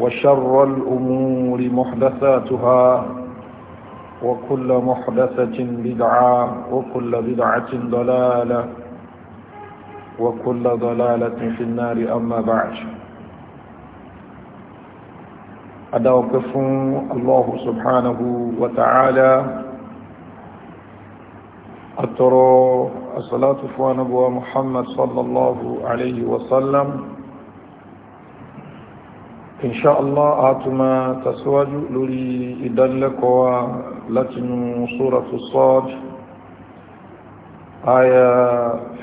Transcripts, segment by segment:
وشر الأمور محدثاتها وكل محدثة بدعة وكل بدعة ضلالة وكل ضلالة في النار أما بعد أدوقف الله سبحانه وتعالى أترى الصلاة فوانبوى محمد صلى الله عليه وسلم ان شاء الله اتما تسواج tẹ̀síwájú lórí ìdánilẹ́kọ̀ọ́ wa سورة الصاد آية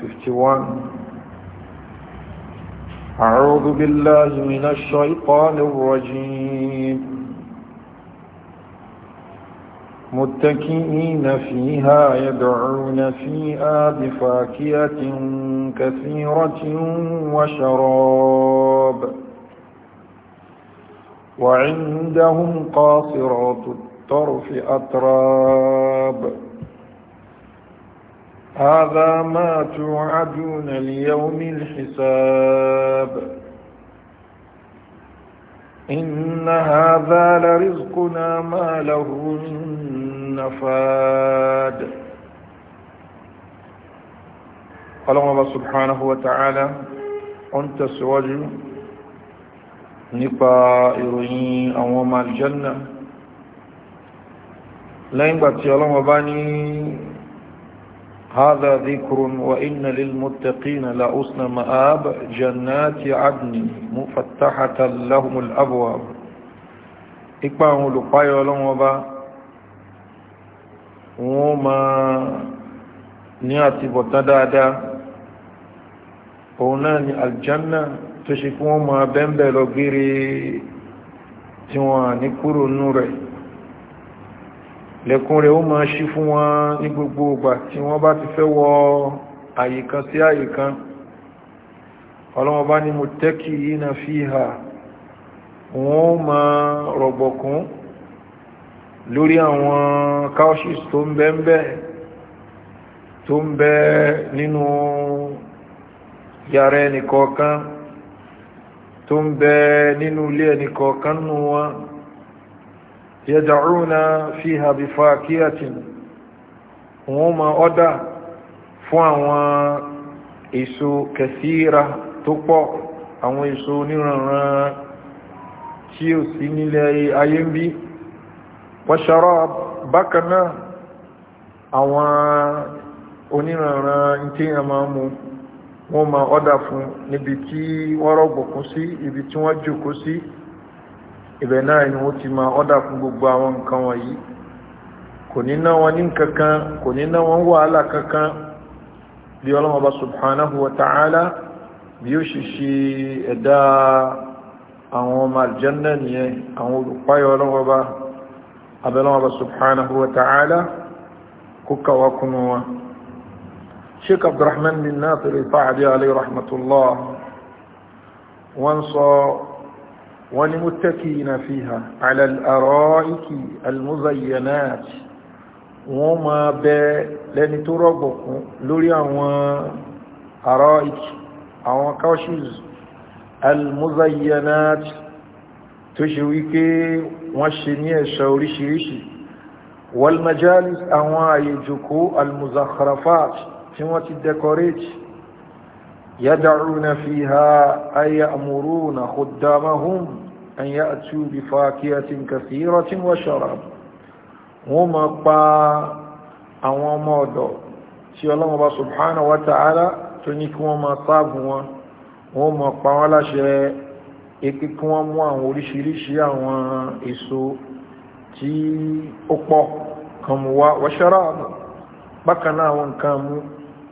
51 أعوذ بالله من الشيطان الرجيم متكئين فيها يدعون فيها بفاكية كثيرة وشراب وعندهم قاصرات الطرف أتراب هذا ما توعدون ليوم الحساب إن هذا لرزقنا ما له من نفاد قال الله سبحانه وتعالى أنت سواجه nípa ìròyìn àwọn ọmọ aljanna lẹ́yìngbà tí ọlọ́wọ́ bá ní هذا ذكر وإن للمتقين لأسن مآب جنات عدن مفتحة لهم الأبواب ipa àwọn olùpáyọ ọlọ́wọ́n bá wọ́n máa ní àtibọ̀tán dáadáa òun náà ni aljanna tó ṣe kí wọ́n máa bẹ́ńbẹ́ lọ gbére tí wọ́n ní kúrò nú rẹ̀ lẹ́kùn rẹ̀ ó máa ṣí fún wọn ní gbogbo ìgbà tí wọ́n bá ti fẹ́ wọ àyíkan sí àyíkan ọlọ́wọ́n bá mo tẹ́kì yìí na fi hà wọ́n máa rọ̀gbọ̀kún lórí àwọn cowships tó ń bẹ́ńbẹ́ tó ń bẹ nínú yàrá ẹnìkọ̀ọ̀kan tó ń bẹ nínú ilé ẹni kọ̀ọ̀kan fi àbífà kíyàtìn wọn ma ọ́dà fún àwọn èso kẹsíra tó pọ̀ àwọn èso oníranran tí ó sí nílẹ̀ ayé bakana awon wọ́n ṣarọ́ bákanáà àwọn wọ́n máa ọ́dà fún níbi tí wọ́n rọ̀gbọ̀kún sí ibi tí wọ́n jòkó sí ibẹ̀ náà ni wọ́n ti máa ọ́dà fún gbogbo àwọn nǹkan wọ̀nyí kò ní ná wọn ní kankan kò ní ná wọn wàhálà kankan bí ọlọ́wọ́n bá subhanahu wa ta'ala bí ó ṣe ṣe ẹ̀dá àwọn ọmọ aljanna nìyẹn àwọn olùpáyọ̀ ọlọ́wọ́n bá abẹ́lọ́wọ́n bá subhanahu wa ta'ala kó kàwákùnú wọn sheikh abdulrahman bin nasir al-sa'di alayhi rahmatullah wọ́n sọ wọ́n ni muttakiina fiha ala al-ara'iki al-muzayyanat wọ́n máa bẹ lẹ́ni tó rọ̀gbọ̀kún lórí àwọn ara'iki àwọn couches al tó ṣe wípé wọ́n ṣe ní ẹ̀ṣọ́ oríṣiríṣi wal àwọn àyè jòkó tí wọ́n ti decorate yad'una fiha ay ya'muruna khuddamahum an ya'tu bi fakihatin kathiratin wa sharab wọ́n ma pa àwọn ọmọ ọ̀dọ̀ tí ọlọ́wọ́ bá subhanahu wa ta'ala tó ní kí wọ́n ma sáàbù wọn wọ́n ma pa wọ́n láṣẹ ikú kí wọ́n mú àwọn oríṣiríṣi àwọn èso tí ó pọ̀ kan mú wá wa sharab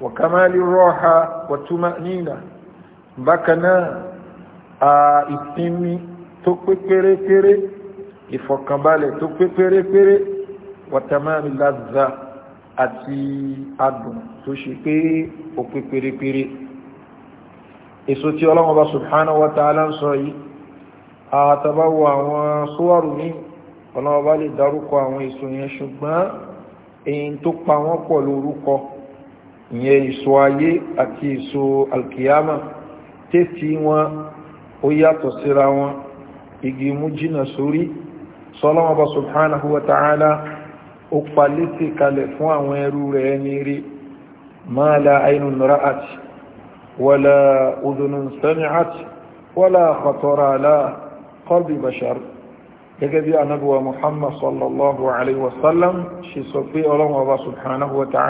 وكمال الراحة والطمأنينة بكنا إتمي تقوي كري كري إفوكمبالي تقوي كري كري وتمام اللذة àti adùn tó ṣe pé ó pé pérépéré èso tí ọlọ́run ọba subhanahu wa ta'ala ń sọ yìí àtàbáwò àwọn sówárù ní ọlọ́run ọba lè dárúkọ àwọn èso yẹn ṣùgbọ́n èyí tó pa wọ́n pọ̀ lórúkọ ìyẹn ìsọ ayé àti ìsọ alkiyama tẹ́tí wọn ó yàtọ̀ síra wọn igi mú jìnà sórí sọ́lọ́wọ́n bá subhanahu wa ta'ala ó palétí kalẹ̀ fún àwọn ẹrú rẹ̀ ní rí ma la aynun ra'at wala udhunun sami'at wala khatara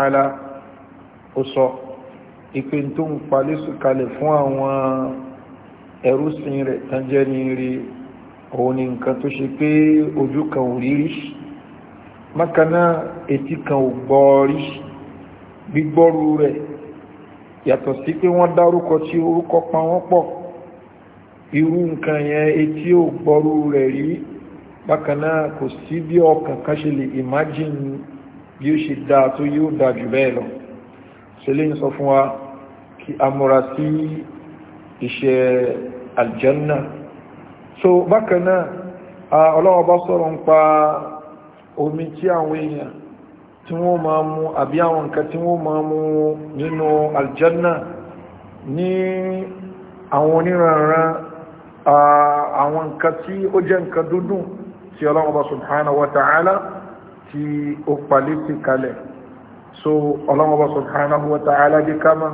ala ó sọ ìpín tó ń palẹ́ sùkalẹ̀ fún àwọn ẹrúsìn rẹ̀ tán jẹ́ ní rí òun ni nǹkan tó ṣe pé ojú kan ò rí rí mákaná etí kan ò gbọ́ rí gbígbọ́rú rẹ̀ yàtọ̀ sí pé wọ́n dárúkọ tí orúkọ pa wọ́n pọ̀ irú nǹkan yẹn etí ò gbọ́rú rẹ̀ rí bákaná kò sí bí ọkàn kan ṣe lè imagine bí ó ṣe dáa tó yóò dáa bẹ́ẹ̀ lọ sẹlẹ́yìn sọ fún wa kí a múra sí iṣẹ́ aljanna so bákan náà ọlọ́wọ́ bá sọ̀rọ̀ ń pa omi tí àwọn èèyàn tí wọ́n máa mu àbí àwọn nǹkan tí wọ́n máa mu nínú aljanna ní àwọn oníranran àwọn nǹkan tí ó jẹ́ nǹkan dúdú tí ọlọ́wọ́ bá subhanahu wa ta'ala tí ó palẹ́ sí kalẹ̀ so ọlọ́mọba subhanahu wa ta'ala bí kama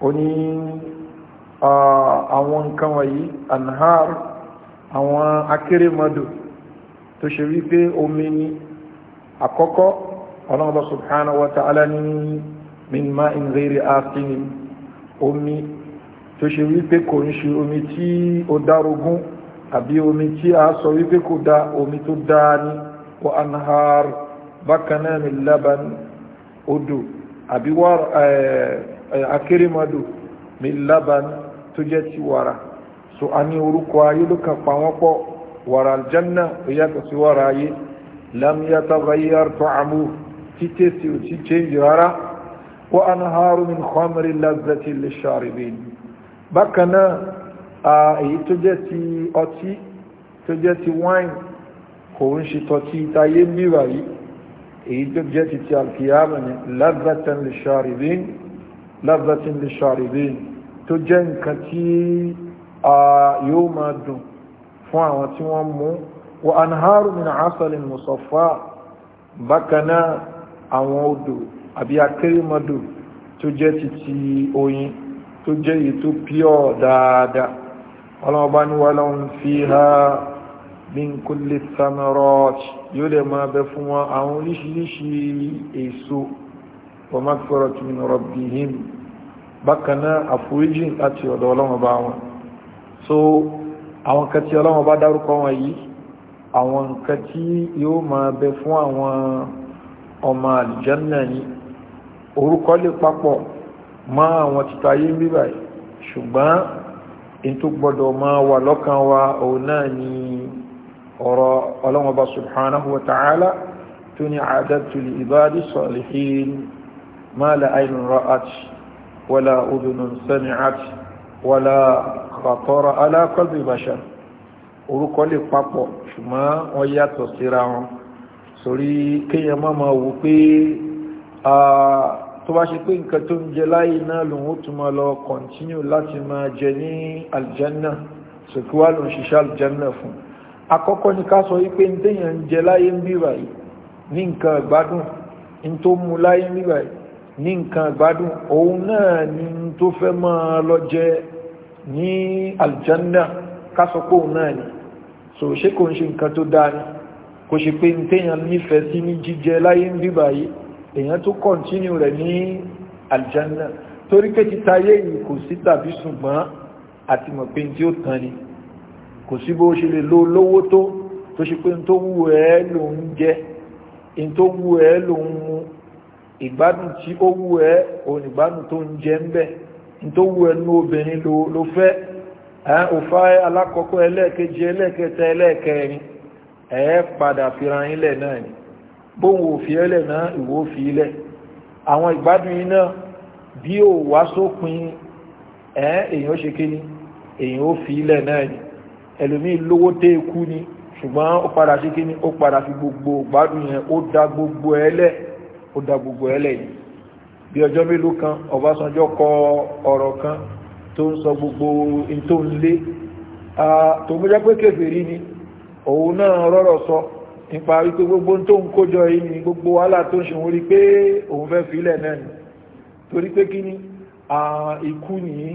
o ní àwọn nǹkan wọ̀nyí anhar àwọn akérèmọdò tó ṣe wípé omi ni àkọ́kọ́ ọlọ́mọba subhanahu wa ta'ala ní min ma'in ghairi asin omi tó ṣe wípé kò ń ṣe omi tí ó dárógún àbí omi tí a sọ wípé kò dá omi tó dáa ní wa anhar bákanáà min laban odò àbí eh, eh, akérèmọdò mi laban tó jẹ́ ti wàrà so a ní orúkọ ayé ló kàn pa wọ́n pọ̀ wàrà aljanna ó yàtọ̀ sí wàrà ayé lam yataghayyar ta'amu títẹ́ sí ò ti change rárá wa anharu min khamri lazzati lisharibin bákan náà èyí tó jẹ́ ti ọtí tó jẹ́ ti wine kò ń ṣe tọ́tí ìtayé mìíràn yìí èyí tó jẹ́ ti ti alkiyama ni lazatan lisharibin lazatan lisharibin tó jẹ́ nǹkan tí a yóò máa dùn fún àwọn tí wọ́n mú wa anharu min asalin musaffa bákan náà àwọn odò àbí akérèmọdò tó jẹ́ ti oyin tó jẹ́ èyí tó pure dáadáa ọlọ́ọ̀bá ni wà lọ́n fiha min kulli thamarati yóò dẹ̀ máa bẹ fún wọn àwọn oríṣiríṣi èso wa magfiratu min rabbihim bákanáà àforíjì láti ọ̀dọ̀ ọlọ́wọ́n wọn so àwọn kan tí ọlọ́wọ́n bá dárúkọ wọn yìí àwọn nǹkan tí yóò máa bẹ fún àwọn ọmọ àlìjánà ni orúkọ lè papọ̀ mọ́ àwọn títa yé bíbà ṣùgbọ́n in tó gbọ́dọ̀ máa wà lọ́kàn wa òun náà ni ọ̀rọ̀ ọlọ́wọ́n bá subhanahu wa ta'ala tó ní a'dadtu li ibadi salihin ma la aynun ra'at wala udhunun sami'at wala khatara ala qalbi bashar orúkọ lè papọ̀ ṣùgbọ́n wọ́n yàtọ̀ síra wọn sórí kéèyàn má máa wò pé tó bá ṣe pé nǹkan tó ń jẹ láyé náà lòun ó tún máa lọ kọ̀ntínú láti máa jẹ ní aljanna sòkúwà lòun ṣiṣẹ́ aljanna fún un àkọ́kọ́ ní ká sọ wípé ní téèyàn ń jẹ láyé ń bíbà yìí ní nǹkan ìgbádùn ní tó mú láyé ń bíbà yìí ní nǹkan ìgbádùn òun náà ni tó fẹ́ máa lọ jẹ ní aljanna ká sọ pé òun náà ni so ṣé kò ń ṣe nǹkan tó dáa ni kò ṣe pé ní téèyàn nífẹ̀ẹ́ sí ní jíjẹ láyé ń bíbà yìí èèyàn tó kọ̀ntínú rẹ̀ ní aljanna torí pé títa ayé yìí kò sí tàbí ṣùgbọ́n àti mọ̀ pé tí ó tán ni kò sí bó ṣe lè lo lówó tó tó ṣe pé n tó wù ẹ́ lòun jẹ n tó wù ẹ́ lòun mu ìgbádùn tí ó wù ẹ́ òun ìgbádùn tó ń jẹ ń bẹ̀ tó wù ẹ́ nú obìnrin ló fẹ́ ẹ̀ alákọ̀ọ́kọ́ ẹlẹ́ẹ̀kejì ẹlẹ́ẹ̀kẹta ẹlẹ́ẹ̀kẹrin ẹ̀ padà fira yín lẹ̀ náà ni bóun ò fi ẹlẹ̀ náà ìwò fi ilẹ̀ àwọn ìgbádùn yín náà bí ò wá sópin ẹ̀ èèyàn ṣe kí ni èèyàn ó fi ilẹ̀ náà ni ẹlòmí lówó tẹ́ ikú ni ṣùgbọ́n ó padà sí kí ni ó padà fi gbogbo gbádùn yẹn ó da gbogbo ẹlẹ́ ó da gbogbo ẹlẹ́ yìí bí ọjọ́ mélòó kan Ọbásanjọ́ kọ ọ̀rọ̀ kan tó ń sọ gbogbo tó ń lé tó ń jẹ́ pé kèfèrí ni òun náà rọ́rọ̀ sọ nípa wípé gbogbo tó ń kójọ yìí ni gbogbo wàhálà tó ń ṣe wọ́n rí pé òun fẹ́ filẹ̀ náà ni torí pé kí ni ikú nìyí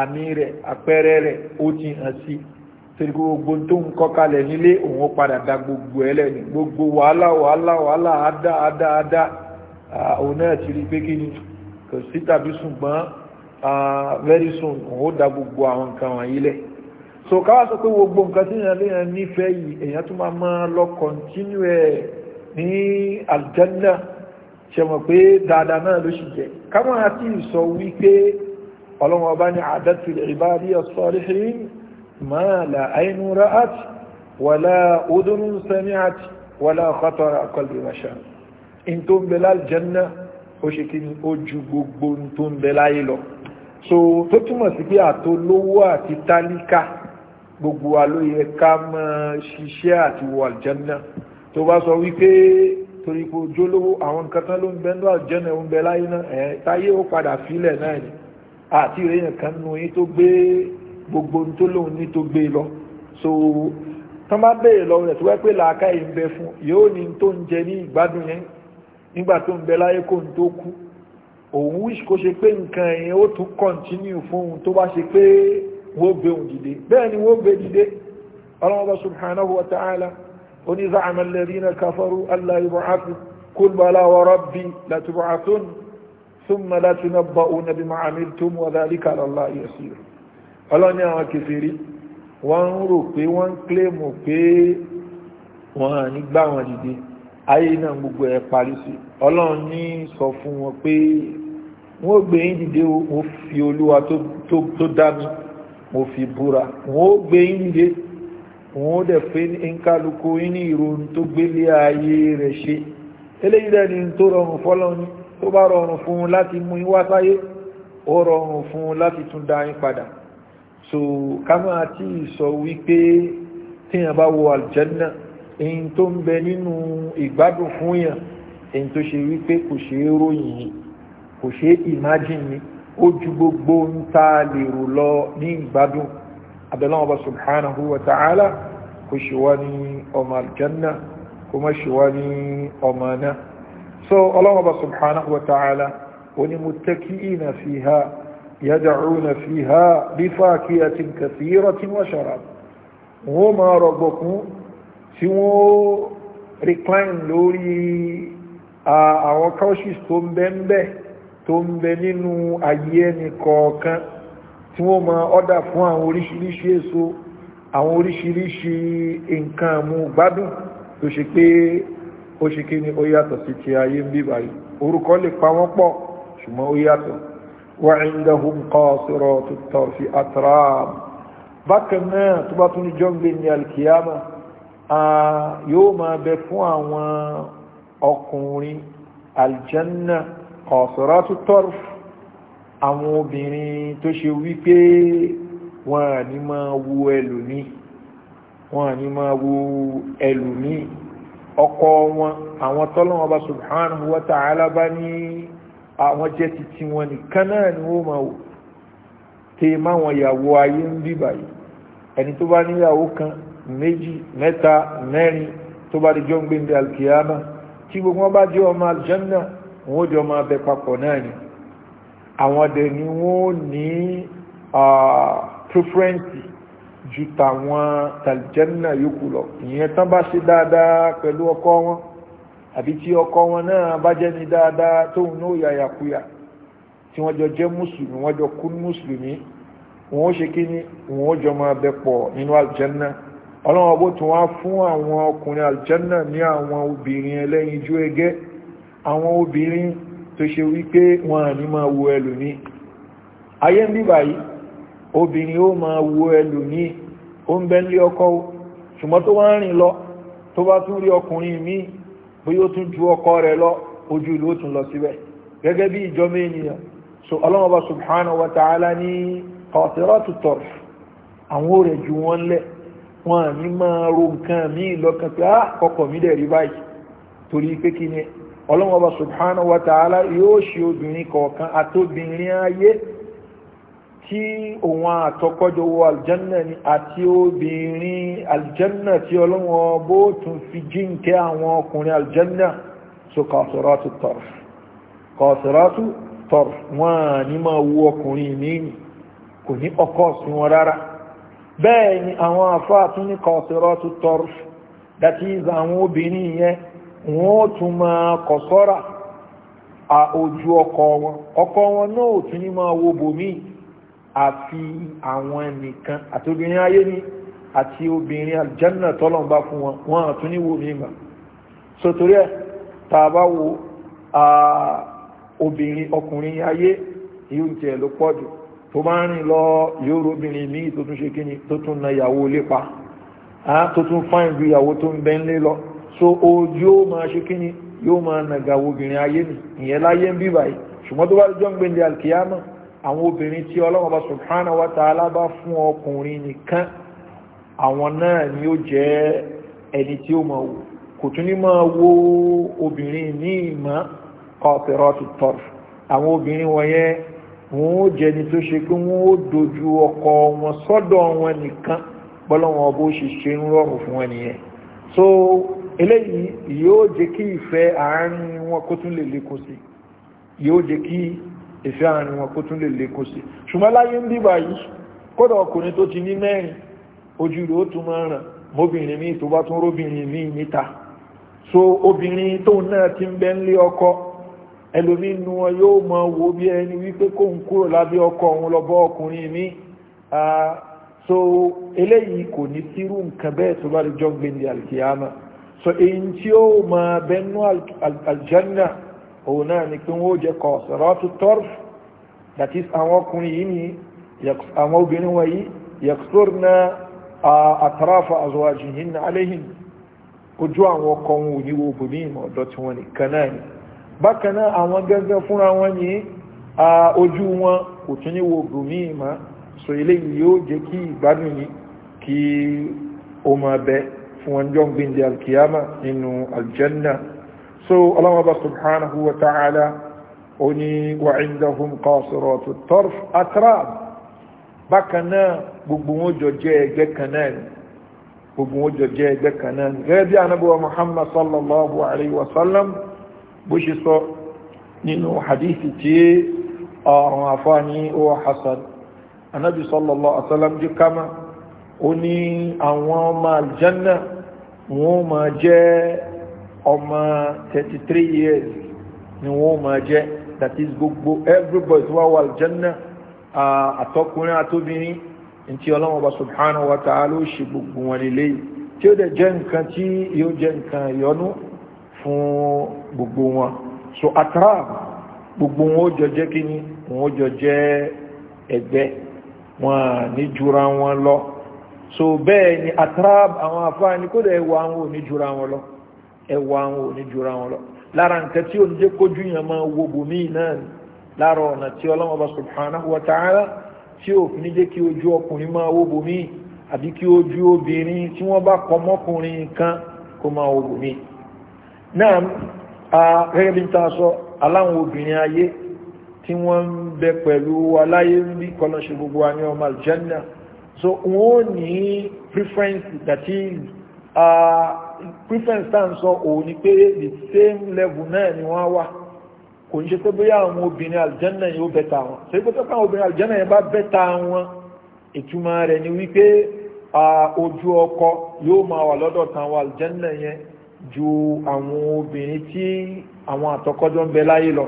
àmì rẹ̀ àpẹẹrẹ rẹ̀ ó ti hàn sí i torí gbogbo tó ń kọ́ kalẹ̀ nílé òun padà da gbogbo ẹ lẹ́nu gbogbo wàhálà wàhálà wàhálà àdá àdá àdá òun náà ti rí pé kí ni kò sí tàbí ṣùgbọ́n very soon òun ó da gbogbo àwọn nǹkan wọ̀nyí lẹ̀ so káwá sọ pé gbogbo nǹkan tí èèyàn léèyàn nífẹ̀ẹ́ yìí èèyàn tó máa máa lọ continue ẹ̀ ní aljanna ṣe mọ̀ pé dáadáa náà ló ṣì jẹ́ káwọn àti ìsọ wípé ọlọ́wọ́n ọba ní àdàtúlẹ̀ ìbáraẹ̀ sọ́ọ́rẹ́ ما لا عين رأت ولا أذن سمعت ولا خطر قلب بشر إن بلا الجنة وشكين أجبوب تنبلا إلو so tó túmọ̀ sí pé àtolówó àti tálíkà gbogbo wa ló yẹ ká máa ṣiṣẹ́ àti wọ àlùjànnà tó bá sọ wípé torí kò jólówó àwọn nǹkan tán ló ń bẹ ní àlùjànnà ń bẹ láyé náà ẹ̀ táyé ó padà fílẹ̀ náà ni àti ìrẹ́yìn kan nù yín tó gbé gbogbo tó lóun ní tó gbé lọ so tán bá béèrè lọ rẹ̀ tó wẹ́ pé làákà yìí ń bẹ fún yóò ní tó ń jẹ ní ìgbádùn yẹn nígbà tó ń bẹ láyé kó ń tó kú òun wíṣ kó ṣe pé nǹkan yẹn ó tún kọ̀ntínú fún òun tó bá ṣe pé wọ́n gbé òun dìde bẹ́ẹ̀ ni wọ́n gbé dìde ọlọ́mọba subhanahu wa ta'ala oní za'ama alladhina kafaru alla yub'athu qul bala wa rabbi latub'athun thumma latunabba'una bima 'amiltum wa dhalika ọlọ́ni àwọn kèfèrí wọ́n ń rò pé wọ́n ń kílèmù pé wọ́n ní gbá wọn dìde ayé náà gbogbo ẹ̀ parí sí ọlọ́run ní sọ fún wọn pé wọ́n gbé yín dìde mo fi olúwa tó dá mi mo fi búra wọ́n gbé yín dìde wọ́n dẹ̀ pé nkálukú yín ní ìròyìn tó gbélé ayé rẹ̀ ṣe eléyìí rẹ̀ tó rọrùn fọlọ́run tó bá rọrùn fún un láti mú yín wá sáyé ó rọrùn fún un láti tún dá yín padà so ká máa tí sọ wípé tíyàn bá wọ aljanna èyí tó ń bẹ nínú ìgbádùn fún yàn èyí tó ṣe wípé kò ṣe é ròyìn ni kò ṣe é imagine ni ó ju gbogbo ń ta lèrò lọ ní ìgbádùn abẹ́láwọn ọba subhanahu wa ta'ala kò ṣe wá ní ọmọ aljanna kò má ṣe wá ní ọmọ náà so ọlọ́wọ́ subhanahu wa ta'ala ó ní muttaki'ina fiha يدعون فيها بفاكهة كثيرة وشراب وما ربكم سوى recline lórí àwọn couches tó ń bẹ ń bẹ tó ń bẹ nínú ayé to kọ̀ọ̀kan àwọn oríṣiríṣi nǹkan mú gbádùn tó ṣe pé ó ṣe kí ni ó yàtọ̀ sí ti ayé ń bíbáyìí orúkọ lè pa وعندهم قاصرات الطرف أتراب بكنا تبطن جنب القيامة يوم بفوا أقول الجنة قاصرات الطرف àwọn obìnrin tó ṣe wípé wọn à ní máa wo ẹlòmí wọn à ní máa wo ẹlòmí ọkọ wọn àwọn tọ́lọ́wọ́n bá subhanahu wa ta'ala bá ní àwọn jẹ́ ti ti wọn nìkan náà ni wọ́n máa wò tẹ máwọn ìyàwó ayé ń bí báyìí ẹni tó bá níyàwó kan méjì mẹ́ta mẹ́rin tó bá di jọ́ ń gbé ní alkiyama tí gbogbo wọn bá jẹ́ ọmọ aljanna wọn ó jọ máa bẹ papọ̀ náà ni àwọn ọdẹ ni wọn ní preference ju tàwọn tàlìjẹ́nà yòókù lọ ìyẹn tán bá ṣe dáadáa pẹ̀lú ọkọ wọn àbí tí ọkọ wọn náà bá jẹ́ ni dáadáa tóun náà yàyàkuyà tí wọ́n jọ jẹ́ mùsùlùmí wọ́n jọ kún mùsùlùmí wọ́n ó ṣe kí ni wọ́n ó jọ máa bẹ pọ̀ nínú aljanna ọlọ́wọ́n bó tún wá fún àwọn ọkùnrin aljanna ní àwọn obìnrin ẹlẹ́yinjú ẹgẹ́ àwọn obìnrin tó ṣe wípé wọn à ní máa wo ẹlòmí ayé ń bíbà yìí obìnrin ó máa wo ẹlòmí ó ń bẹ́ńlé ọkọ ṣùgbọ́n tó wá ń rìn lọ tó bá tún rí ọkùnrin míì bóyá ó tún ju ọkọ rẹ lọ ojú ìlú ó tún lọ síbẹ̀ gẹgẹ bí ìjọba ènìyàn so ọlọmọba bá subhanahu wa ta'ala ní qasiratu tarf àwọn ò ju wọn a wọn à ní máa ro nǹkan míì lọ́kàn pé á ah, kọkọ̀ mí dẹ̀ rí báyìí torí pé kí ni ọlọ́wọ́ wa tí òun àtọ́kọ́jọ wo aljanna ni àti obìnrin aljanna tí ọlọ́wọ́n bó tún fi jíǹkẹ́ àwọn ọkùnrin aljanna so kàṣọ́rátù tọ̀rọ̀ kàṣọ́rátù tọ̀rọ̀ wọ́n ní máa wo ọkùnrin ní kò ní ọkọ̀ sí wọn rárá bẹ́ẹ̀ ni àwọn àfáà tún ní kàṣọ́rátù tọ̀rọ̀ that is àwọn obìnrin yẹn wọ́n tún máa kọ̀sọ́rà ojú ọkọ wọn ọkọ wọn náà tún ní máa wo bòmíì àfi àwọn nìkan àti obìnrin ayé ni àti obìnrin aljanna tọ́lọ̀n bá fún wọn wọn àtún ní wo mímọ̀ so torí ẹ̀ tàbá wo obìnrin ọkùnrin ayé yóò jẹ́ ló pọ̀ jù tó bá ń rìn lọ yóò róbìnrin míì tó tún ṣe kí ni tó tún na ìyàwó lépa tó tún fáìn ju ìyàwó tó ń bẹ́ lé lọ so ojú ó máa ṣe kí ni yóò máa nàgà obìnrin ayé ni ìyẹn láyé ń bí báyìí ṣùgbọ́n tó bá jọ́ ń gbé ní alkiyama àwọn obìnrin tí ọlọ́run ọba subhanahu wa ta'ala bá fún ọkùnrin nìkan àwọn náà ni ó jẹ́ ẹni tí ó máa wò kò tún ní máa wo obìnrin ní ìmọ̀ qatiratu tarf àwọn obìnrin wọ̀nyẹn wọn ó jẹni tó ṣe pé wọn ó dojú ọkọ wọn sọ́dọ̀ wọn nìkan bọ́lọ́wọ́n ọba ṣe ṣe ń rọrùn fún wọn nìyẹn so eléyìí yóò jẹ́ kí ìfẹ́ àárín wọn kó tún lè lékún sí yóò jẹ́ kí ìfẹ́ àárín wọn kó tún lè lékún sí ṣùgbọ́n láyé ń bíbà yìí kódà ọkùnrin tó ti ní mẹ́rin ojú rẹ̀ ó tún máa ràn mọ́bìnrin míì tó tún róbìnrin míì níta so obìnrin tóun náà ti ń bẹ ń lé ọkọ ẹlòmíín nu wọn yóò mọ wo bí ẹni wípé kóun kúrò lábẹ́ ọkọ òun lọ bọ́ ọkùnrin míì so eléyìí kò ní sírú nǹkan bẹ́ẹ̀ tó bá lè jọ gbèndé àlùkìyàmà so èyí tí ó máa bẹnu àlùjánná al òun náà ni pé wọ́n jẹ́ kọ sọ̀rọ̀tù tọ́rf that is àwọn ọkùnrin yìí ni àwọn obìnrin wọ̀nyí yẹ̀kùsọ́r na àtàràfà àzọwájì yìí na aléhìn ojú àwọn ọkọ wọn ò ní wo bòmí ìmọ̀ ọ̀dọ́ tí wọ́n nìkan náà ni bákan àwọn gẹ́gẹ́ fúnra wọn ní ojú wọn kò tún ní wo bòmí ìmọ̀ so eléyìí yóò jẹ́ kí ìgbádùn yìí kí o máa bẹ fún wọn jọ́ gbìndé alkiyama nínú aljanna so ọlọ́wọ́ba subhanahu wa ta'ala ó ní wa indahum qasiratu tarf atrab bákan náà gbogbo wọn jọ jẹ́ ẹgbẹ́ kan náà ni gbogbo wọn jọ jẹ́ ẹgbẹ́ kan náà ni gẹ́gẹ́ bí anábọ̀wá muhammad sallallahu alayhi wa sallam bó ṣe sọ nínú hadithi tí ọ̀rùn àfáàní ó hasan anábì sallallahu alayhi wa sallam kama ó ní àwọn ọmọ aljanna wọn máa jẹ́ ọmọ 33 years ni wọ́n máa jẹ́ that is gbogbo everybody wà wà aljanna àtọkùnrin àtobìnrin ntí ọlọ́wọ́n bá subhanahu wa ta'ala ó ṣe gbogbo wọn lélẹ́ yìí tí ó dẹ̀ jẹ́ nǹkan tí yóò jẹ́ nǹkan ìyọnú fún gbogbo wọn so atrab gbogbo wọn ó jọ jẹ́ kíni wọn ó jọ jẹ́ ẹgbẹ́ wọn ní jura wọn lọ so bẹ́ẹ̀ ni atrab àwọn afáàní kó dẹ̀ wọ àwọn ò ní jura wọn lọ ẹwà wọn ò ní jura wọn lọ lára nǹkan tí ò ní jẹ́ kójú yẹn máa wo bòmíì náà ni lára ọ̀nà tí ọlọ́mọba subhanahu wa ta'ala tí ò ní jẹ́ kí ojú ọkùnrin máa wo bòmíì àbí kí ojú obìnrin tí wọ́n bá kọ mọ́kùnrin kan kó máa wo bòmíì náà gẹ́gẹ́ bí n ta sọ aláwọn obìnrin ayé tí wọ́n ń bẹ pẹ̀lú aláyé bí kọ́nà ṣe gbogbo wa ní ọmọ aljanna so wọ́n ní preference that preference tá à sọ òun ni pé the same level náà ni wọ́n wà kò ń ṣe pé bóyá àwọn obìnrin aljanna yóò bẹ́ta wọn ṣe pé tọ́pọ̀ àwọn obìnrin aljanna yẹn bá bẹ́ta wọn ìtumọ̀ rẹ̀ ni wípé ojú ọkọ yóò máa wà lọ́dọ̀ táwọn aljanna yẹn ju àwọn obìnrin tí àwọn àtọkọ́jọ́ ń bẹ láyé lọ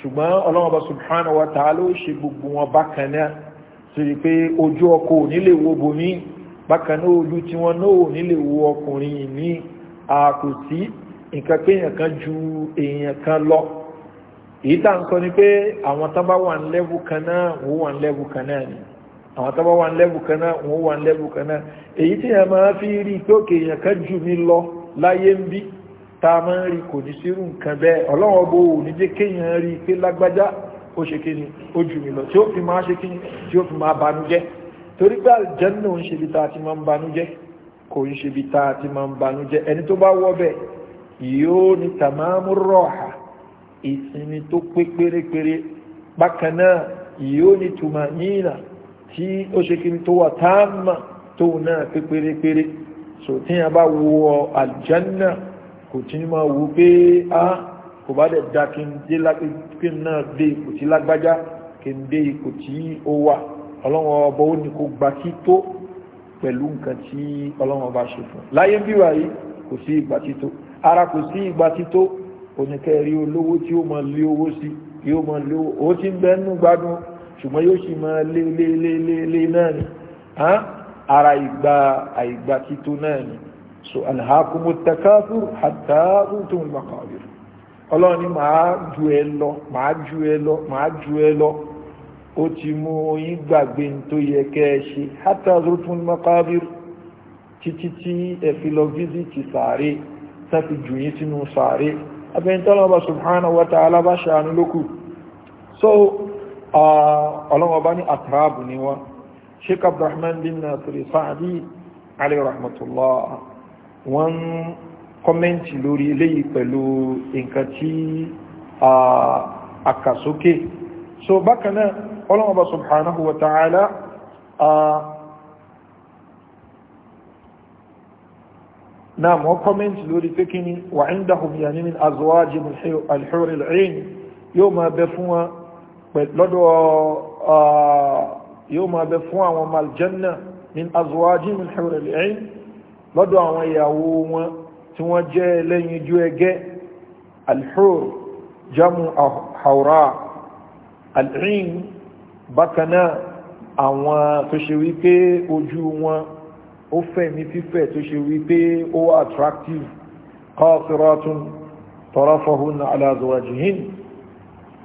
ṣùgbọ́n ọlọ́run ọba subhanahu wa ta'ala ó ṣe gbogbo wọn bákan náà sí pé ojú ọkọ ò ní lè wo bòmíì bákan náà ojú tí wọn náà ò nílè wo ọkùnrin ní àkùtì nǹkan pé èèyàn kan ju èèyàn kan lọ èyí tá à ń sọ ni pé àwọn tó bá wà ní lẹ́bù kan náà wọ́n wà ní lẹ́bù kan náà ni àwọn tó bá wà ní lẹ́bù kan náà wọ́n wà ní lẹ́bù kan náà èyí tí èèyàn máa fi rí pé òkè èèyàn kan jù mí lọ láyé ń bí tá a máa ń rí kò ní sírú nǹkan bẹ́ẹ̀ ọlọ́wọ́n bo ò ní jẹ́ kéèyàn rí pé lágbájá ó ṣe kí ni ó jù mí lọ tí ó fi máa ṣe kí ni tí ó fi máa banú jẹ́ torí pé àlùjànnà ń ṣe bí ta ti máa ń banújẹ́ kò ń ṣe bí ta ti máa ń banújẹ́ ẹni tó bá wọ́ bẹ̀ yóò ní tàmáàmù rọ̀hà ìsinmi tó pé pérépéré bákan náà yóò ní tùmánínà tí ó ṣe kí n tó wà táàmà tóun náà pé pérépéré so tí a bá wọ àlùjànnà kò tí ní máa wú pé a kò bá dẹ̀ da kí n náà dé ipò tí lágbájá kí n dé ipò tí ó wà ọlọ́wọ́n ọba ó ní kó gba kí tó pẹ̀lú nǹkan tí ọlọ́wọ́n ọba ṣe fún láyé bí wáyé kò sí ìgbà tító ara kò sí ìgbà tító oníkẹ́rí olówó tí ó mọ lé owó sí yóò mọ lé owó ó ti ń bẹ́nu gbádùn ṣùgbọ́n yóò sì mọ lé lé lé lé lé náà ni ara ìgbà àìgbà tító náà ni so alhakumu takathur hatta zurtumul maqabir ọlọ́run ni màá ju ẹ lọ màá ju ẹ lọ màá ju ẹ lọ ó ti mú yín gbàgbé tó yẹ kẹ́ ẹ ṣe hátà zurtun maqabir títí tí ẹ fi lọ fíìsìtì sàárè tá fi jù yín sínú sàárè abẹ́ntọ́lọ́ba subhanahu wa ta'ala bá ṣàánú lókù so ọlọ́wọ́ bá ní àtàràbù ni wọ́n sheik abdulrahman bin nasir sa'adi Ali rahmatullah wọ́n kọ́mẹ́ntì lórí eléyìí pẹ̀lú nǹkan tí àkàsókè so bákan قولنا الله سبحانه وتعالى نعم وكومنت لوري فكني وعندهم يعني من أزواج الحور العين يوم بفوا لدو يوم بفوا وما الجنة من أزواج من حور العين لدو عم يوم توجه لن يجوه الحور جمع حوراء العين bákan náà àwọn tó ṣe wípé ojú wọn ó fẹ̀ ní fífẹ̀ tó ṣe wípé ó attractive ala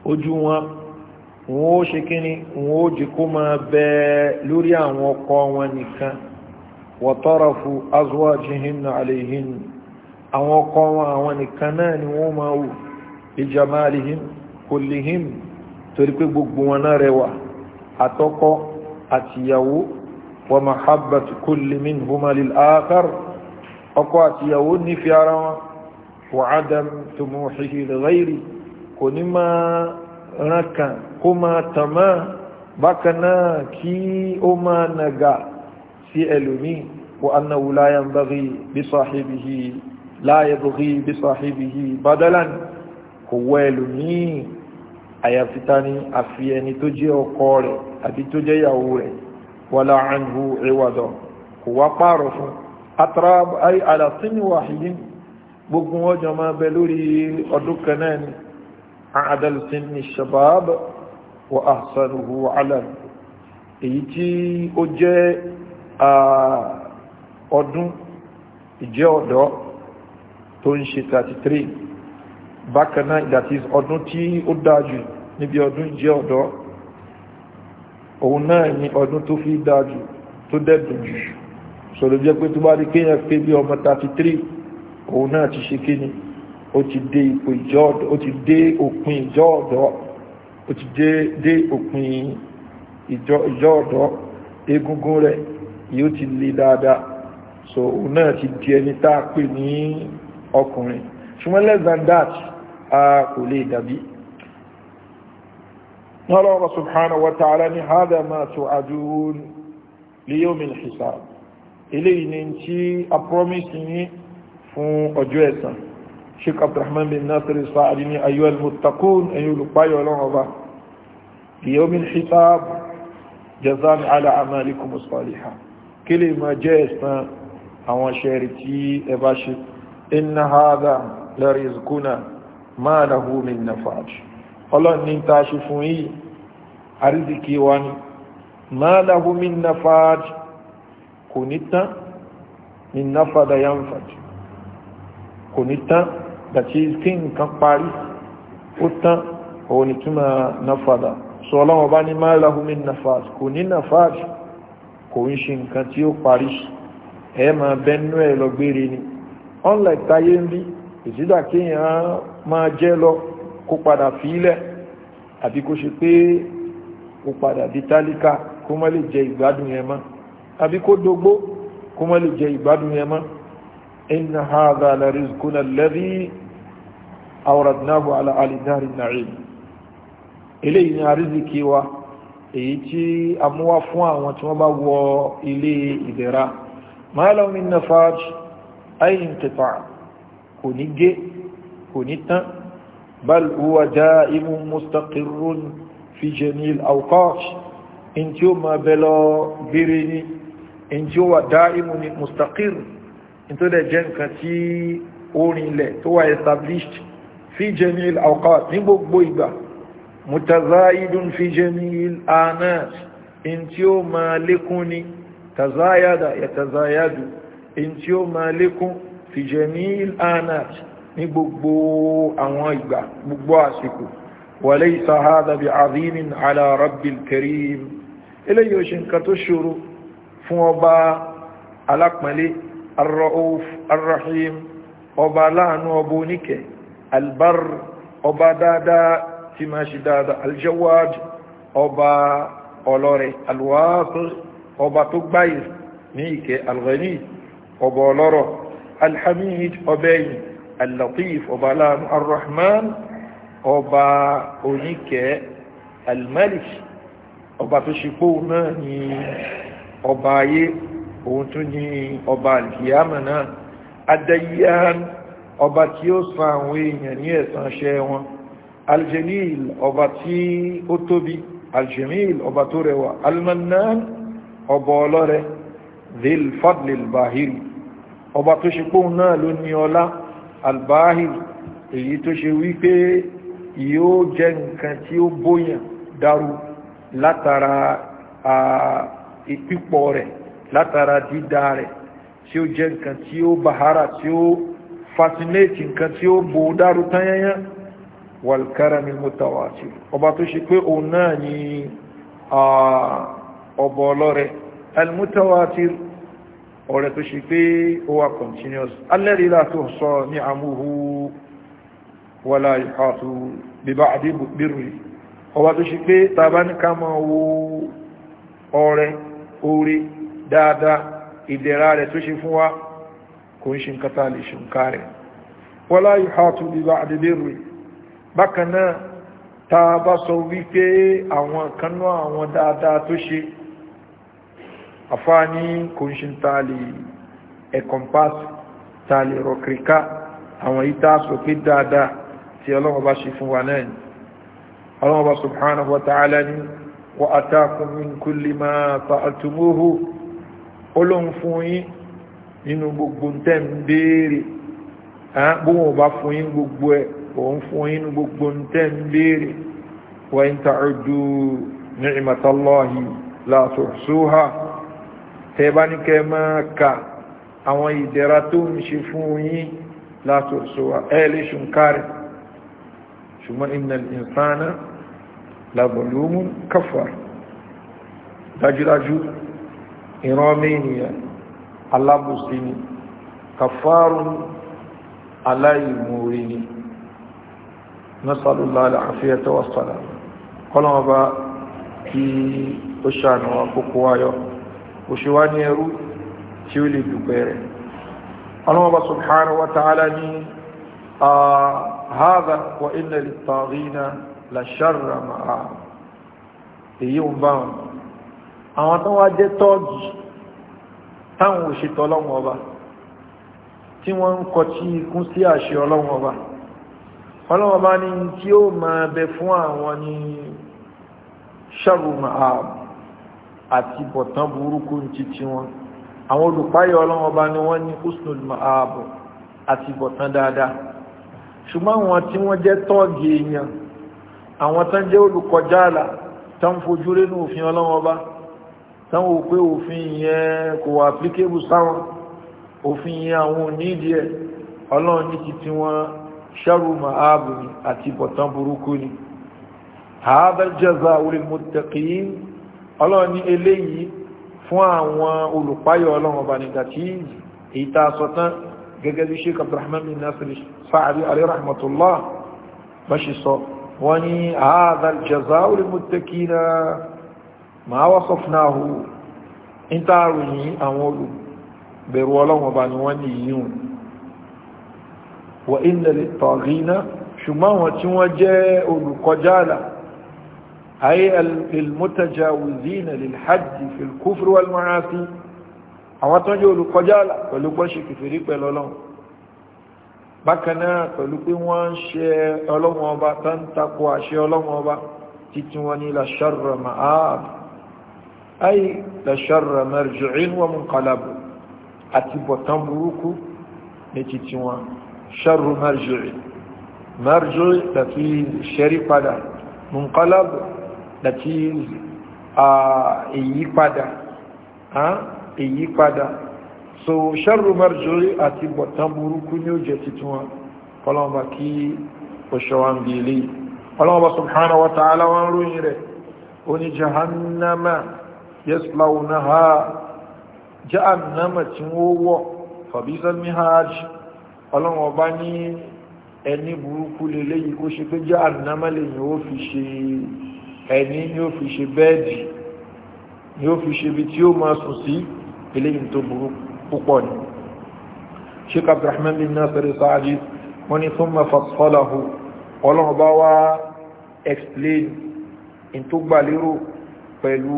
ojú wọn wọn ó ṣe kíni wọn ó jẹ kó máa bẹ lórí àwọn ọkọ wọn nìkan wa tarafu azwajihin alayhin àwọn wọn àwọn nìkan náà ni wọ́n máa wù ìjamalihim kullihim torí pé gbogbo wọn náà rẹwà àtọkọ àtìyàwó wa mahabbatu kulli minhuma lil akhar ọkọ àtìyàwó nífẹ̀ẹ́ ara wọn wa adam tumuhihi li ghayri kò ní máa ràn kàn kó máa tàmá bákan náà kí ó máa nàgà sí ẹlòmíì wa annahu la yanbaghi bi sahibihi badalan kò wọ ẹlòmíì àyàfitani àfi tó jẹ́ ọkọ rẹ̀ àti tó jẹ́ ìyàwó rẹ̀ wala anhu ìwàdọ̀ kò wá pààrọ̀ fún atrab ay ala sini wahidin gbogbo wọn jọ máa bẹ lórí ọdún kan náà ni a'dal sini shabab wa ahsanuhu alam èyí tí ó jẹ́ ọdún ìjẹ́ ọ̀dọ́ tó ń ṣe 33 bákan náà ọdún tí ó dájú níbi ọdún ìjẹ́ ọ̀dọ́ òun náà ni ọdún tó fi dájú tó dẹ́dùn jù sọ̀rọ̀ jẹ́ pé tó bá rí kéèyàn pé bí ọmọ 33 òun náà ti ṣe kí ni ó ti dé ipò ìjọ ó ti dé òpin ìjọ ó ti dé òpin ìjọ egungun rẹ̀ yóò ti le dáadáa so òun náà ti di ẹni tá a pè ní ọkùnrin ṣùgbọ́n less than that a kò lè dàbí نرى سبحانه وتعالى هذا ما توعدون ليوم الحساب إليه ننتي أبروميسني فون أجويسا شيخ عبد الرحمن بن ناصر الصاعدني أيها المتقون أيها البايو لنهضة ليوم الحساب جزاء على أعمالكم الصالحة كلمة جيسنا أو شارتي أباشر إن هذا لرزقنا ما له من نفاذ ọlọ́run ní ta ṣe fún yìí àrídìkì wa ni máa lahu min nafad kò ní tán min nafada yanfad kò ní tán dàtí kí nǹkan parí ó tán òun ni túmọ̀ nafada sọ ọlọ́run ọba ní máa lahu min nafad kò ní nafad kò ń ṣe nǹkan tí ó parí ẹ máa bẹ́nú ẹ lọ gbére ni unlike táyé ń bí ìsídà kéèyàn máa jẹ́ lọ kó padà fílẹ̀ àbí kó ṣe pé kó padà di tálíkà kó má lè jẹ ìgbádùn yẹn mọ́ àbí kó dogbó kó má lè jẹ ìgbádùn yẹn mọ́ inna hadha la rizquna alladhi awradnahu ala alidari na'im kò ní gé kò ní tán بل هو دائم مستقر في جميع الأوقات انتو ما بلا برني انتو دائم مستقر انتو دا جنكتي اوني لا تو established في جميع الأوقات نبو بويبا متزايد في جميع الآنات انتو ما لكني تزايد يتزايد انتو ما لكم في جميع الآنات ní gbogbo àwọn ìgbà gbogbo àsìkò walaysa hadha bi azimin ala rabbil karim eléyìí ò ṣe nǹkan tó ṣòro fún ọba alápọ̀nlé ar-rauf ar-rahim ọba aláàánú ọba oníkẹ̀ albar ọba dáadáa tí máa ṣe dáadáa aljawad ọba ọlọ́rẹ̀ alwáàtù ọba tó gbáyìí ní ìkẹ́ alghani ọba ọlọ́rọ̀ alhamid ọbẹ̀yìn al-latif ọba aláàánú ar-rahman ọba oníkẹ́ al-malik ọba tó ṣe pé òun náà ni ọba ayé òun tún ni ọba al-kiyama náà adayyan ọba tí ó san àwọn èèyàn ní ẹ̀san ṣẹ́ wọn aljelil ọba tí ó tóbi aljamil ọba tó rẹwà almannan ọba ọlọ́rẹ dhil bahiri ọba tó ṣe náà ló ní ọlá albahir èyí tó ṣe wípé yóò jẹ́ nǹkan tí ó bóyàn dárú látara ìpípọ̀ rẹ̀ látara dídá rẹ̀ tí ó jẹ́ nǹkan tí ó bahara tí ó fascinate nǹkan tí ó bò dárú tányányán walkarami mutawatir ọba tó ṣe pé òun náà ni ọba ọlọ́rẹ̀ almutawatir ọ̀rẹ́ tó ṣe pé ó wà continuous alẹ́rìílá tó sọ ní àmúhú wọ́lá ìpàtù bíbá àdébìrì ọwá tó ṣe pé tàbá ní ká máa wo ọ̀rẹ́ orí dáadáa ìdẹ̀ra rẹ̀ tó ṣe fún wa kò ń ṣe nǹkan lè ṣe nǹkan rẹ̀ wọ́lá ìpàtù bíbá àdébìrì bákan tàbá sọ wípé àwọn kanú àwọn dáadáa tó ṣe àfáàní kò ń ṣe ń ta lè ẹ̀kọ̀mpás ta lè rọ̀kìríká àwọn ìta sọ pé dáadáa tí ọlọ́wọ́ bá ṣe fún wa náà ni ọlọ́wọ́ bá subhanahu wa ta'ala ni wa atakum min kulli ma ta'altumuhu olóhun fún yín nínú gbogbo tẹ́ ń béèrè bó wọn bá fún yín gbogbo ẹ̀ òun fún yín nínú gbogbo tẹ́ ń wa in ta'uddu ni'matallahi la tuhsuha tẹ́ẹ̀bá ní kẹ́ máa ka àwọn ìdẹ̀ra tó ń ṣe fún yín látòsọ́wà ẹ̀ẹ́lẹ́ ṣùnkárẹ̀ ṣùgbọ́n innal insana labọ̀lúmù kafar dájúdájú ìran mẹ́niyàn alábùsí ni kafarun aláìmòrí ni nasalullah al'afiyata wasala kí ó ṣàánà àkókò ayọ́ kò ṣe wá ní ẹrú tí ó lè dùpẹ́ rẹ̀ ọlọ́mọba subhanahu wa ta'ala ní àhádà wa inna lit-taghina la sharra ma'a èyí ń bá wọn àwọn tó wá jẹ́ tọ́ọ̀gì táwọn òṣètò ọlọ́wọ́n ọba tí wọ́n ń kọ tí ikún sí àṣẹ ọlọ́wọ́n ọba ọlọ́wọ́n tí ó máa bẹ fún àwọn ní sharru ma'a àti bọ̀tán burúkú ń ti ti wọn àwọn olùpáyọ̀ ọlọ́run ọba ni wọ́n ní husnul ma'ab àti bọ̀tán dáadáa ṣùgbọ́n àwọn tí wọ́n jẹ́ tọ́ọ̀gì èèyàn àwọn tán jẹ́ olùkọjá àlà tán fojú rénú òfin ọlọ́run ọba tán wò pé òfin yẹn kò wà applicable sáwọn òfin yẹn àwọn onídìí ẹ̀ ọlọ́run ní ti ti wọn ṣẹ́rù ma'ab àti bọ̀tán burúkú ni haabal jaza ulil ọlọ́run ní eléyìí fún àwọn olùpáyọ̀ ọlọ́run ọba nígbà tí èyí tá a sọ tán gẹ́gẹ́ bí sheik abdulrahman bin nasir sa'adi alayhi rahmatullah bá ṣe sọ wọ́n ní àádá jaza'u lil muttaqina ma wasafnahu ń tá a ròyìn àwọn olùbẹ̀rù ọlọ́run ọba ni wọ́n أي المتجاوزين للحج في الكفر والمعاصي àwọn tó ń jẹ́ olùkọjáàlà pẹ̀lú gbọ́ṣe kìfèrí pẹ̀lú ọlọ́run bákanáà pẹ̀lú pé wọ́n ń ṣe ọlọ́run ọba tó ń takò àṣẹ ọlọ́run ọba títí wọn ni la sharra ma'ab ay la sharra marji'in wa munqalab àti bọ̀tán burúkú ní títí wọn sharru marji'in that is ìyípadà ìyípadà so ṣarru marjori àti bọ̀tán burúkú ní ó jẹ́ titun wọn ọlọ́mọba kí òṣèwà ń bí ilé ọlọ́mọba subhanahu wa ta'ala wọn ròyìn rẹ̀ ó ní jahannama ha. jahannama tí wọ́n wọ́ fàbísal mihaj ọlọ́mọba ní ẹni burúkú lè léyìí kó ṣe pé jahannama lè yìí fi ṣe ẹni ni ó fi ṣe bẹ́ẹ̀dì ni ó fi ṣe ibi tí ó máa sùn sí eléyìí tó burú púpọ̀ ni sheikh abdulrahman bin nasir saadi wọ́n ni thumma fassalahu ọlọ́run bá wá explain in tó gbà lérò pẹ̀lú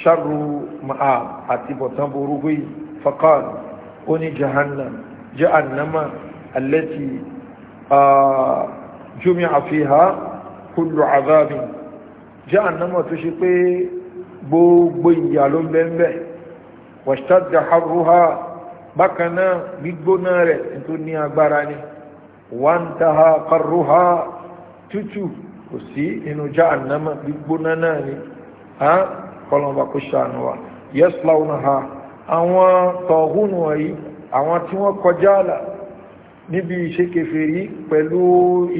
sharru ma'a àti bọ̀tán burú gbé faqal ó ní jahannam jahannama allati ah, jumi'a fiha kullu azabin jahannama tó ṣe pé gbogbo ìyà ló ń bẹ́ẹ̀ wàṣítàdà harúhá bákan náà gbígbóná rẹ̀ tó ní agbára ni wọ́n taha karúhá tútù kò sí inú jahannama gbígbóná náà ni kọlọ̀mbà kò ṣàánú wa yaslaunaha àwọn tọ̀húnù wọ̀nyí àwọn tí wọ́n kọjá àlà níbi ìṣekèfèrí pẹ̀lú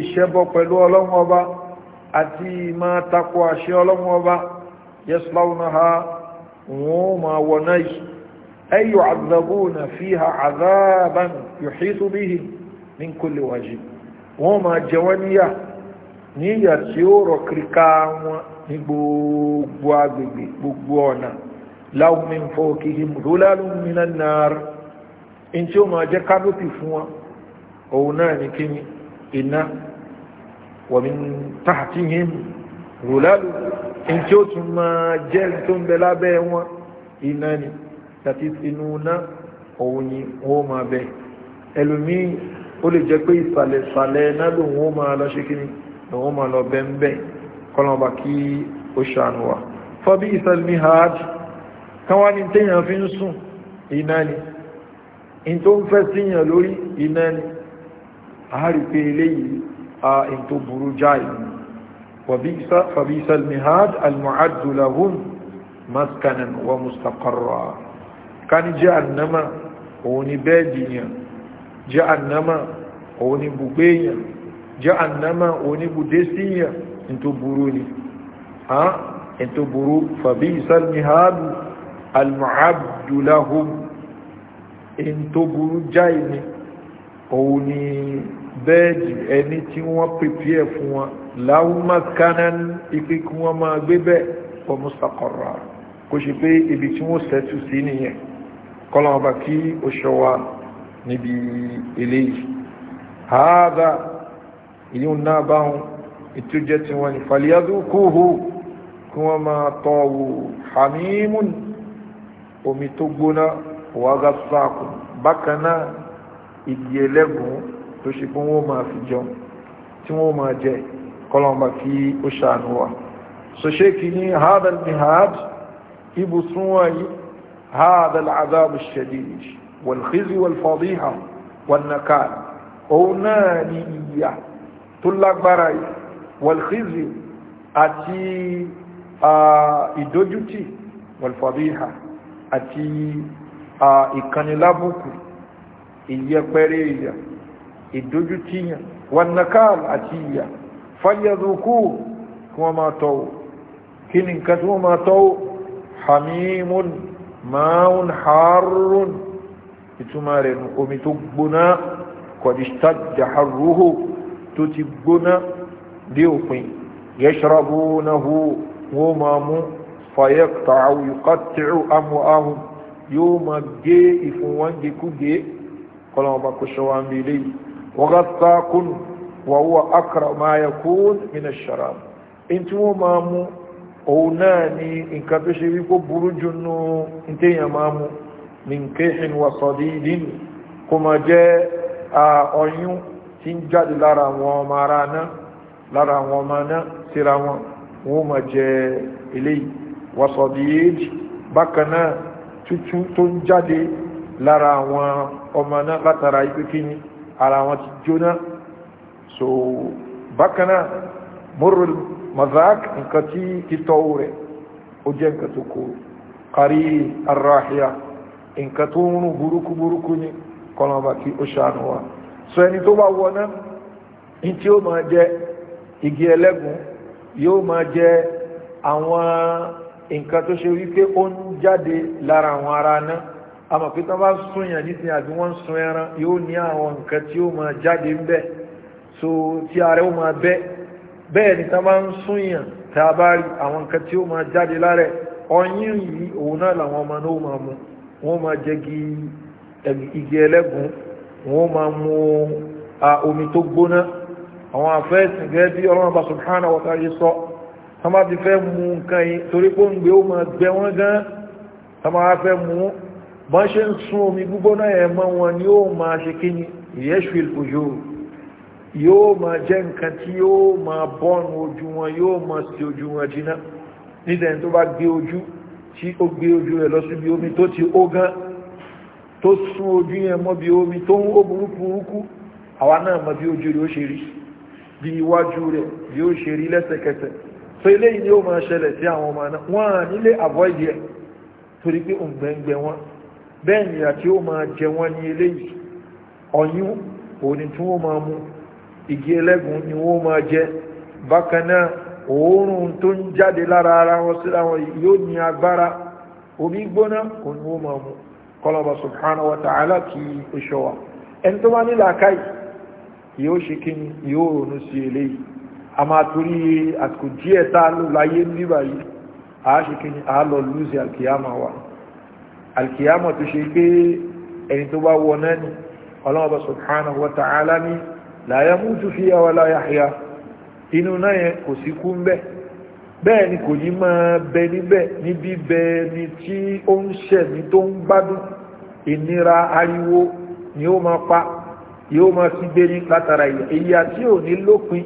ìṣẹ́bọ pẹ̀lú ọlọ́run ọba àti ma takò àṣẹ ọlọ́run ọba yaslawnaha wọ́n ma wọ̀ná yìí ay yu'adhabuna fiha 'adhaban yuhitu bihim min kulli wajh wọ́n ma jẹ wọ́n níyà níyà tí ó rọ̀ kíríká wọn ní gbogbo agbègbè gbogbo ọ̀nà lahum min fawqihim dhulalun minan in tí ó ma jẹ́ kánópì fún wọn òun náà ní kíni iná ومن تحتهم غلال إن كنتم جلتم بلا بيوا إنني تتسنون أوني هما بي ẹlòmí ó lè jẹ́ pé ìsàlẹ̀sàlẹ̀ náà lòun ó máa lọ ṣe kíní lòun ó máa lọ bẹ́ẹ̀ kọlọ̀bà kí ó ṣàánú wa fọ́bí ìsàlẹ̀mí hajj káwá ní téèyàn fi ń sùn iná ni in tó ń fẹ́ síyàn lórí iná ni a rí pé eléyìí in tó burú jáì fàbísà mihad al-mu'addu lahum maskanan wa mustaqarra kani jahannama òun ni bẹ́ẹ̀dì yẹn jahannama òun ni bùgbé yẹn jahannama òun ni bùdé sí yẹn in tó burú ni ha in tó burú fàbísà mihad al-mu'addu lahum in tó burú jáì ni òun ni bẹ́ẹ̀dì ẹni tí wọ́n prepare fún wọn láwùmá kanan ipe kí wọ́n máa gbé bẹ́ẹ̀ fọ mustaqarra kó ṣe pé ibi tí wọ́n sẹ́tù sí nìyẹn kọ́lọ́mọba kí ó ṣọwa níbi eléyìí haada ìyún náà báhùn ìtújẹ́ tí wọ́n ní falyadukuhu kí wọ́n máa tọ́ wò hamimun omi tó gbóná wàgásàkù bákan náà ìdí ẹlẹ́gùn tó ṣe fún wọn máa fi jẹun tí wọ́n máa jẹ kọlọmbà kí ó ṣàánú wa so ṣe kì ní hadal mihad ibùsùn wáyé hadal azabu shadid wal khizi wal fadiha wal nakal òun náà ni ìyà tó lágbára yìí wal khizi àti ìdójútì wal fadiha àti ìkanilábùkù ìyẹpẹrẹ ìyà ìdójútíyàn wannakal àti ìyà falyadhuku kí wọ́n máa tọ́wò kí ni nǹkan tí wọ́n máa tọ́wò hamimun maun harun ìtumà rẹ̀ nù omi tó gbóná kọ̀díṣtà jaharruhu tó ti gbóná dé òpin yashrabunahu wọ́n máa mú fayaqta'u yuqatti'u amwa'ahum yóò máa gé ìfún wọn gé kúgé kọ́lọ́mọba kò ṣọwọ́ àmì eléyìí وغطاكن وهو أقرب ما يكون من الشراب انتو مامو أوناني إن كتشريكو برجنو انتو يا مامو من كيح وصديد كما جاء أعين تنجد لرا ومارانا لرا ومانا سرا وما جاء إلي وصديد بكنا تتو تنجد لرا ومانا لترى يكيني ara wọn ti jóná so bákanáà murul mazak nǹkan tí títọ́wò rẹ̀ ó jẹ́ nǹkan tó kó kárí arahia nǹkan tó ń rún burúkú burúkú ní kọlọmọba kí ó ṣàánú wa so ẹni tó bá wọná ní tí ó máa jẹ igi ẹlẹ́gùn yóò máa jẹ àwọn nǹkan tó ṣe wípé ó ń jáde lára àwọn ara náà àmọ́ pé tó bá sún yàn nísìnyí àbí wọ́n sun ẹran yóò ní àwọn nǹkan tí ó máa jáde ń bẹ̀ so tí ààrẹ ó máa bẹ́ bẹ́ẹ̀ ni tó ń sún yàn a bá rí àwọn nǹkan tí ó máa jáde lára ọyìn yìí òun náà làwọn ọmọ náà máa mu wọ́n máa jẹ igi ẹlẹ́gùn wọ́n máa mu omi tó gbóná àwọn afẹ́sìn gẹ́gẹ́ bí ọlọ́run bá subhanahu wa ta'ala sọ tó ti fẹ́ mu nǹkan yìí torí pé ó ń gbé ó máa gbẹ wọ́n gan tó bá fẹ́ mu bọ́n ṣe ń sun omi gbígbóná ẹ̀ mọ́ wọn ni yóò máa ṣe kí ni yẹ́ṣùl òjò yóò máa jẹ́ nǹkan tí yóò máa bọ́nu ojú wọn yóò máa sí ojú wọn jiná nídẹ̀ tó bá gbé ojú tí ó gbé ojú rẹ̀ lọ síbi omi tó ti ó gán tó sun ojú yẹn bí omi tó ń ó burúkú burúkú àwa náà mọ́ bí ojú rẹ̀ ó ṣe rí bí iwájú rẹ̀ bí ó ṣe rí lẹ́sẹ̀kẹsẹ̀ so eléyìí ni ó máa ṣẹlẹ̀ sí àwọn ọmọ náà wọ́n nílé avoid yẹ torí pé òǹgbẹ̀ǹgbẹ̀ wọn bẹ́ẹ̀ ni àti ó máa jẹ wọ́n ní eléyìí ọyún òní tí wọ́n máa mú igi ẹlẹ́gùn ni wọ́n máa jẹ bákan náà tó ń jáde lára ara wọn síra wọn yóò ní agbára omi gbóná òní wọ́n máa mú kọlọ̀bọ̀ subhanahu wa ta'ala ẹni tó bá ní làákàyè yóò ṣe kí ni yóò ronú sí eléyìí a máa torí àsìkò díẹ̀ tá a lò láyé níbàyí àá ṣe kí ni àá lọ wa. alkiyama tó ṣe pé ẹni tó bá wọ náà ni ọlọ́wọ́ bá subhanahu wa ta'ala ni la yamutu fiha wa la yahya inú náà yẹn kò sí kú ń bẹ́ bẹ́ẹ̀ ni kò ní máa bẹ níbẹ̀ níbi bẹ ni tí ó ń ṣẹ̀mí tó ń gbádùn ìnira ariwo ni ó máa pa yóò máa fi gbé ní látara ìyà tí ò lópin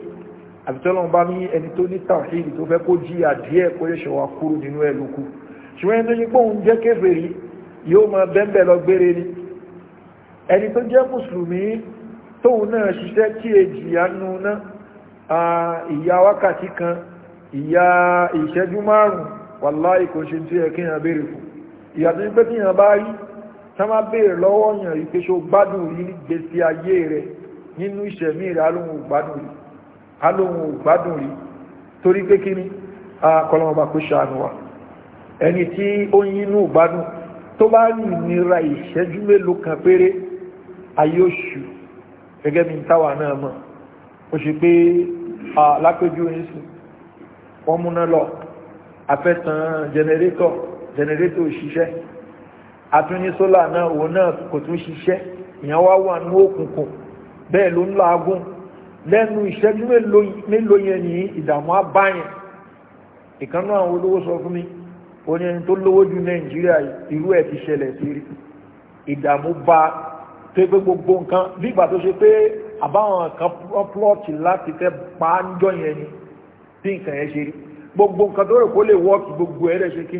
àbítọ́lọ́n bá ní ẹni tó ní tàwíìdì tó fẹ́ kó jíyà díẹ̀ kó yẹ́ ṣọwà kúrò nínú ẹlùkù ṣùgbọ́n ẹni tó ní pé jẹ́ kéfèrí yóò máa bẹ́ẹ̀bẹ̀ lọ gbére ni ẹni tó jẹ́ mùsùlùmí tóun náà ṣiṣẹ́ tí èjì àánú náà ìyá wákàtí kan ìyá ìṣẹ́jú márùn-ún wàláì kò ṣe tí ẹkí yàn béèrè fún ìyà tó ń pẹ́ tí yàn bá rí tá má béèrè lọ́wọ́ yàn ìpé gbádùn yìí ní gbèsè ayé rẹ̀ nínú ìṣẹ̀mí rẹ̀ alóhun ògbádùn rí torí pé kí ni kọlọmọba kò ṣàánú wa ẹni tí ó yínú ògbádùn tó bá rí ìnira ìṣẹ́jú mélòó kan péré ayé oṣù gẹ́gẹ́ bí táwa náà mọ̀ ó ṣe pé lápéjú oníṣù wọ́n múná lọ afẹ́tàn jẹnẹrétọ̀ jẹnẹrétọ̀ òṣìṣẹ́ àtúnyí sólà náà òun náà kò tún ṣiṣẹ́ ìyẹn wá wà ní òkùnkùn bẹ́ẹ̀ ló ń làágùn lẹ́nu ìṣẹ́jú mélòó yẹn ní ìdààmú abáyẹn ìkànnà àwọn olówó sọ fún mi oní ẹni tó lówó ju nàìjíríà irú ẹ̀ ti ṣẹlẹ̀ sí rí ìdààmú bá tó pé gbogbo nǹkan bí ìgbà tó ṣe pé àbáwọn kan plọ́ọ̀tì láti fẹ́ pa á ń jọ yẹn ni bí nǹkan yẹn ṣe rí gbogbo nǹkan tó rẹ̀ kó lè wọ́ọ̀kì gbogbo ẹ̀rẹ̀ ṣe kí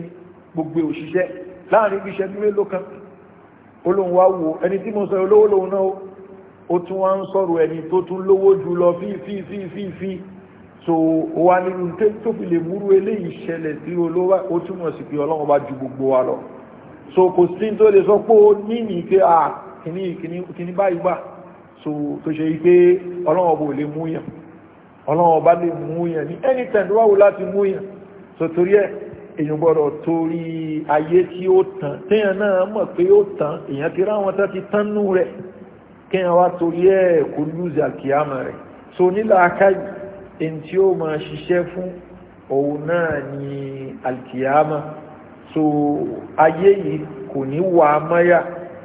gbogbo òṣìṣẹ́ láàrin ibi iṣẹ́ dúró ló kan olóhùn wá wo ẹni tí mo sọ olówó lòun náà ó tún wá ń sọ̀rọ̀ ẹni tó tún lówó jù lọ fífífífífí so wa nínú tó fi lè múrú eléyìí ṣẹlẹ̀ sí olówó ó túmọ̀ sí pé ọlọ́run bá ju gbogbo wa lọ so kò sí tó lè sọ pé ó ní ní pé à kìíní báyìí gbà so tó ṣe yí pé ọlọ́run ọba ò lè mú yàn ọlọ́run ọba lè mú yàn ní anytime tó wá wò láti mú yàn so torí ẹ̀ èyàn gbọ́dọ̀ torí ayé tí ó tàn téèyàn náà mọ̀ pé ó tàn èyàn ti ráwọn tó ti tánú rẹ̀ kéèyàn wá torí ẹ̀ kó lùzì àkíyàmọ̀ rẹ̀ so nílà akáyì in tí ó máa ṣiṣẹ́ fún òun náà ni alkiyama so ayé yìí kò ní wà á máyà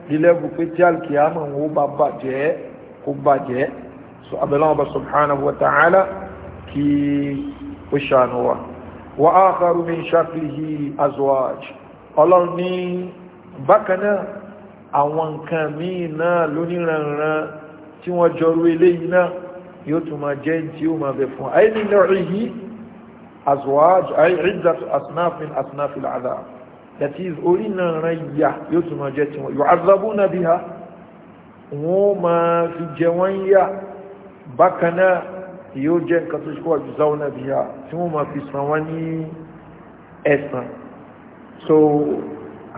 lílẹ́bù pé tí alkiyama ń ó bá bàjẹ́ kó bàjẹ́ so abẹ́lẹ́ ọba subhanahu wa ta'ala kí ó ṣàánú wa wa akharu min shaklihi azwaj ọlọ́run ní bákan náà àwọn nǹkan míì náà lóníranran tí wọ́n jọrú eléyìí náà يوتو ما جنت يو ما بفون أين نوعه أزواج أي عدة أصناف من أصناف العذاب التي أولينا ريا يوتو ما جنت يعذبون بها وما في جوانيا بكنا يوجن كتشكوا جزاونا بها ثم في سواني أسنا so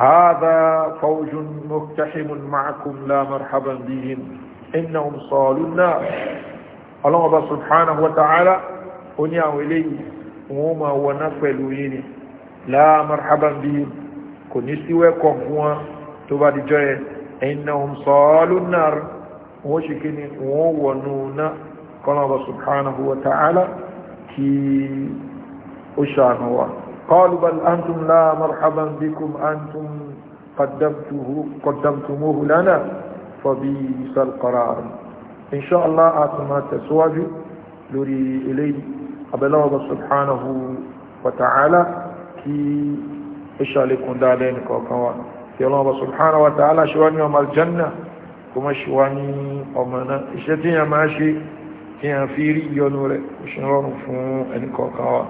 هذا فوج مقتحم معكم لا مرحبا بهم إنهم صالوا النار ọlọ́wọ́ba subhanahu wa ta'ala ó ní àwọn eléyìí wọ́n ma wọná pẹ̀lú yìí ni la marhaban bihim kò ní sí wẹ́kọ̀ fún wọn tó bá dìjọ́ ẹ innahum salu nar wọ́n ṣe kí ni wọ́n wọnú ná kọ́lọ́wọ́ba subhanahu wa ta'ala kí ó ṣàánú wa antum la marhaban bikum antum qaddamtumuhu lana fa bi'sal qarar insha Allah a tún máa tẹ̀síwájú lórí eléyìí abẹ́lẹ́wọ̀n subhanahu wa ta'ala kí ìṣàlékún dáadáa ní kọ̀ọ̀kan wa kí ọlọ́wọ̀n subhanahu wa ta'ala ṣe wá ní ọmọ aljanna kuma ṣe wá ní ọmọ náà iṣẹ́ tí yẹn máa ṣe tí yẹn fi rí yọnu rẹ̀ ṣe rọrùn fún ẹni kọ̀ọ̀kan wa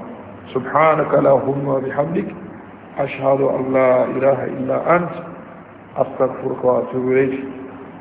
subhanaka lahumma bihamdik ashhadu an la ilaha illa ant astaghfiruka wa atubu ilayk